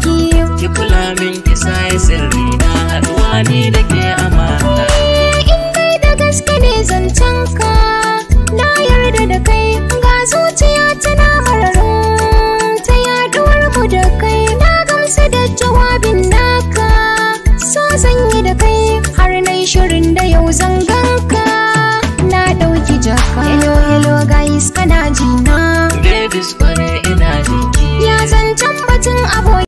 ki ki kula min ki sai sirri na haduwa ni da ke amana in dai da gaske ne zancen ka na yarda da kai ga zuciya tana mararin ta yaduwar mu da kai na gamsu da jawabin na